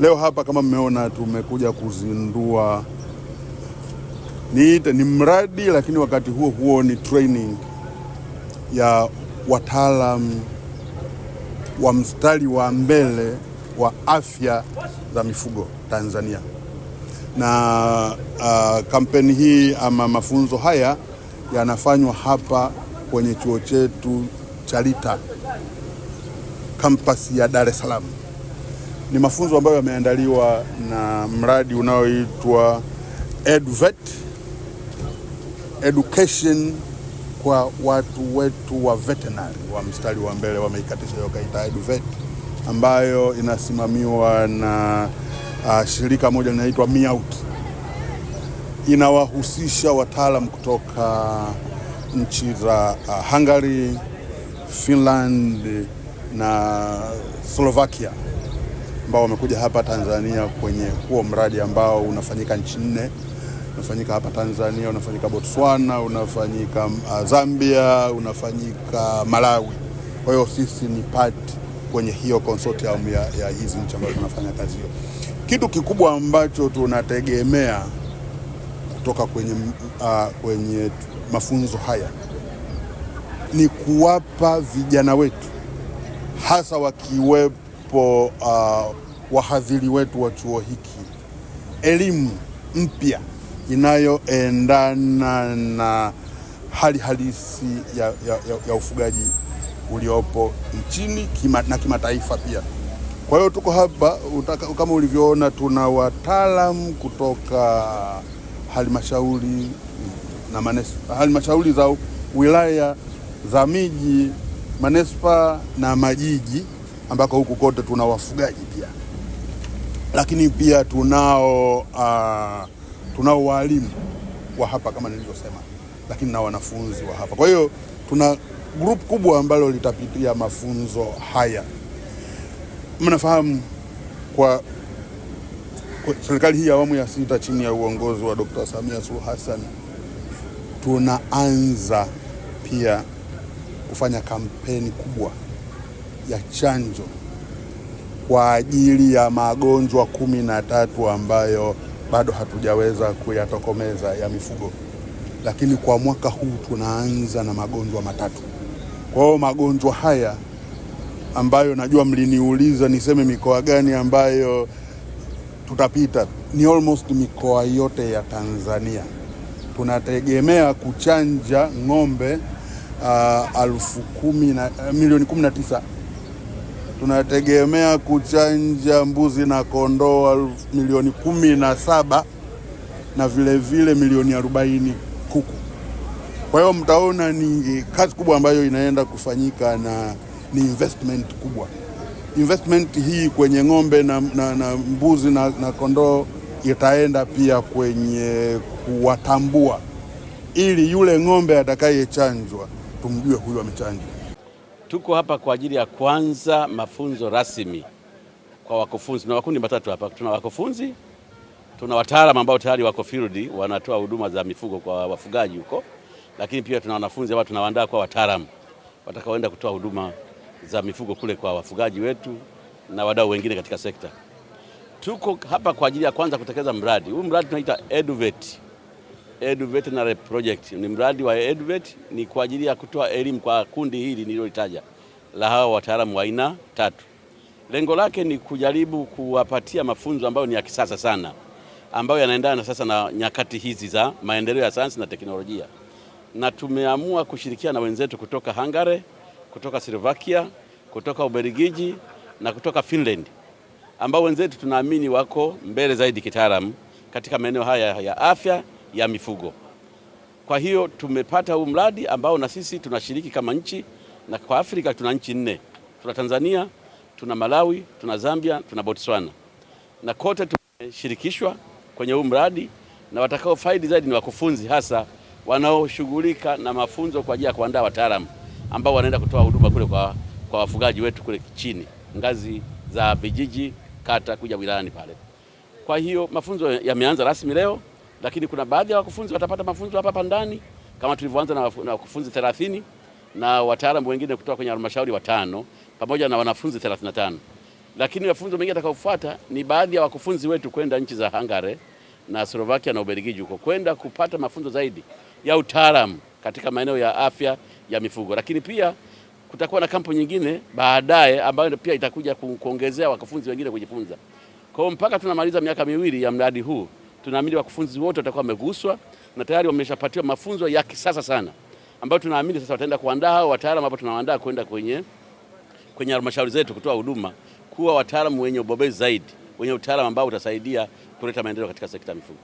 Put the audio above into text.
Leo hapa kama mmeona, tumekuja kuzindua niite ni mradi, lakini wakati huo huo ni training ya wataalam wa mstari wa mbele wa afya za mifugo Tanzania na uh, kampeni hii ama mafunzo haya yanafanywa hapa kwenye chuo chetu cha Lita kampasi ya Dar es Salaam ni mafunzo ambayo yameandaliwa na mradi unaoitwa EDVET, education kwa watu wetu wa veterinary wa mstari wa mbele, wameikatisha hiyo kaita EDVET, ambayo inasimamiwa na uh, shirika moja linaloitwa Miaut. Inawahusisha wataalam kutoka nchi za uh, Hungary, Finland na Slovakia ambao wamekuja hapa Tanzania kwenye huo mradi ambao unafanyika nchi nne, unafanyika hapa Tanzania, unafanyika Botswana, unafanyika uh, Zambia, unafanyika Malawi. Kwa hiyo sisi ni part kwenye hiyo consortium ya, ya hizi nchi ambazo tunafanya kazi hiyo. Kitu kikubwa ambacho tunategemea kutoka kwenye, uh, kwenye mafunzo haya ni kuwapa vijana wetu hasa wakiwepo yupo uh, wahadhiri wetu wa chuo hiki, elimu mpya inayoendana na hali halisi ya, ya, ya, ya ufugaji uliopo nchini kima, na kimataifa pia. Kwa hiyo tuko hapa utaka, kama ulivyoona tuna wataalamu kutoka halmashauri na manespa, halmashauri za wilaya za miji, manespa na majiji ambako huku kote tuna wafugaji pia, lakini pia tunao uh, tunao waalimu wa hapa kama nilivyosema, lakini na wanafunzi wa hapa. Kwa hiyo tuna grupu kubwa ambalo litapitia mafunzo haya. Mnafahamu kwa serikali hii ya awamu ya sita chini ya uongozi wa Dr. Samia Suluhu Hassan tunaanza pia kufanya kampeni kubwa ya chanjo kwa ajili ya magonjwa kumi na tatu ambayo bado hatujaweza kuyatokomeza ya mifugo, lakini kwa mwaka huu tunaanza na magonjwa matatu. Kwa hiyo magonjwa haya ambayo najua mliniuliza niseme mikoa gani ambayo tutapita, ni almost mikoa yote ya Tanzania tunategemea kuchanja ng'ombe uh, milioni 19 tunategemea kuchanja mbuzi na kondoo milioni kumi na saba na vilevile milioni arobaini kuku. Kwa hiyo mtaona ni kazi kubwa ambayo inaenda kufanyika na ni investment kubwa. Investment hii kwenye ng'ombe na, na, na mbuzi na, na kondoo itaenda pia kwenye kuwatambua, ili yule ng'ombe atakayechanjwa tumjue huyu amechanjwa. Tuko hapa kwa ajili ya kwanza mafunzo rasmi kwa wakufunzi. Tuna makundi matatu hapa, tuna wakufunzi, tuna wataalamu ambao tayari wako field wanatoa huduma za mifugo kwa wafugaji huko, lakini pia tuna wanafunzi ambao tunawaandaa kwa wataalamu watakaoenda kutoa huduma za mifugo kule kwa wafugaji wetu na wadau wengine katika sekta. Tuko hapa kwa ajili ya kwanza kutekeleza mradi huu. Mradi tunaita EduVet EduVet na project ni mradi wa EduVet, ni kwa ajili ya kutoa elimu kwa kundi hili nililolitaja la hawa wataalamu wa aina tatu. Lengo lake ni kujaribu kuwapatia mafunzo ambayo ni ya kisasa sana ambayo yanaendana na sasa na nyakati hizi za maendeleo ya sayansi na teknolojia, na tumeamua kushirikiana na wenzetu kutoka Hungary, kutoka Slovakia, kutoka Ubelgiji na kutoka Finland, ambao wenzetu tunaamini wako mbele zaidi kitaalamu katika maeneo haya ya afya ya mifugo. Kwa hiyo tumepata huu mradi ambao na sisi tunashiriki kama nchi, na kwa Afrika tuna nchi nne, tuna Tanzania, tuna Malawi, tuna Zambia, tuna Botswana, na kote tumeshirikishwa kwenye huu mradi, na watakao faidi zaidi ni wakufunzi, hasa wanaoshughulika na mafunzo kwa ajili ya kuandaa wataalamu ambao wanaenda kutoa huduma kule kwa, kwa wafugaji wetu kule chini, ngazi za vijiji, kata, kuja wilayani pale. Kwa hiyo mafunzo yameanza rasmi leo lakini kuna baadhi ya wakufunzi watapata mafunzo hapa hapa ndani kama tulivyoanza na wakufunzi 30 na wataalamu wengine kutoka kwenye halmashauri watano pamoja na wanafunzi 35, lakini mafunzo mengine atakayofuata ni baadhi ya wakufunzi wetu kwenda nchi za Hungary na Slovakia na Ubelgiji huko kwenda kupata mafunzo zaidi ya utaalamu katika maeneo ya afya ya mifugo, lakini pia kutakuwa na kampu nyingine baadaye ambayo pia itakuja kuongezea wakufunzi wengine kujifunza. Kwa hiyo mpaka tunamaliza miaka miwili ya mradi huu tunaamini wakufunzi wote watakuwa wameguswa na tayari wameshapatiwa mafunzo ya kisasa sana ambayo tunaamini sasa wataenda kuandaa hao wataalamu ambao tunawaandaa kwenda kwenye kwenye halmashauri zetu kutoa huduma kuwa wataalamu wenye ubobezi zaidi, wenye utaalamu ambao utasaidia kuleta maendeleo katika sekta ya mifugo.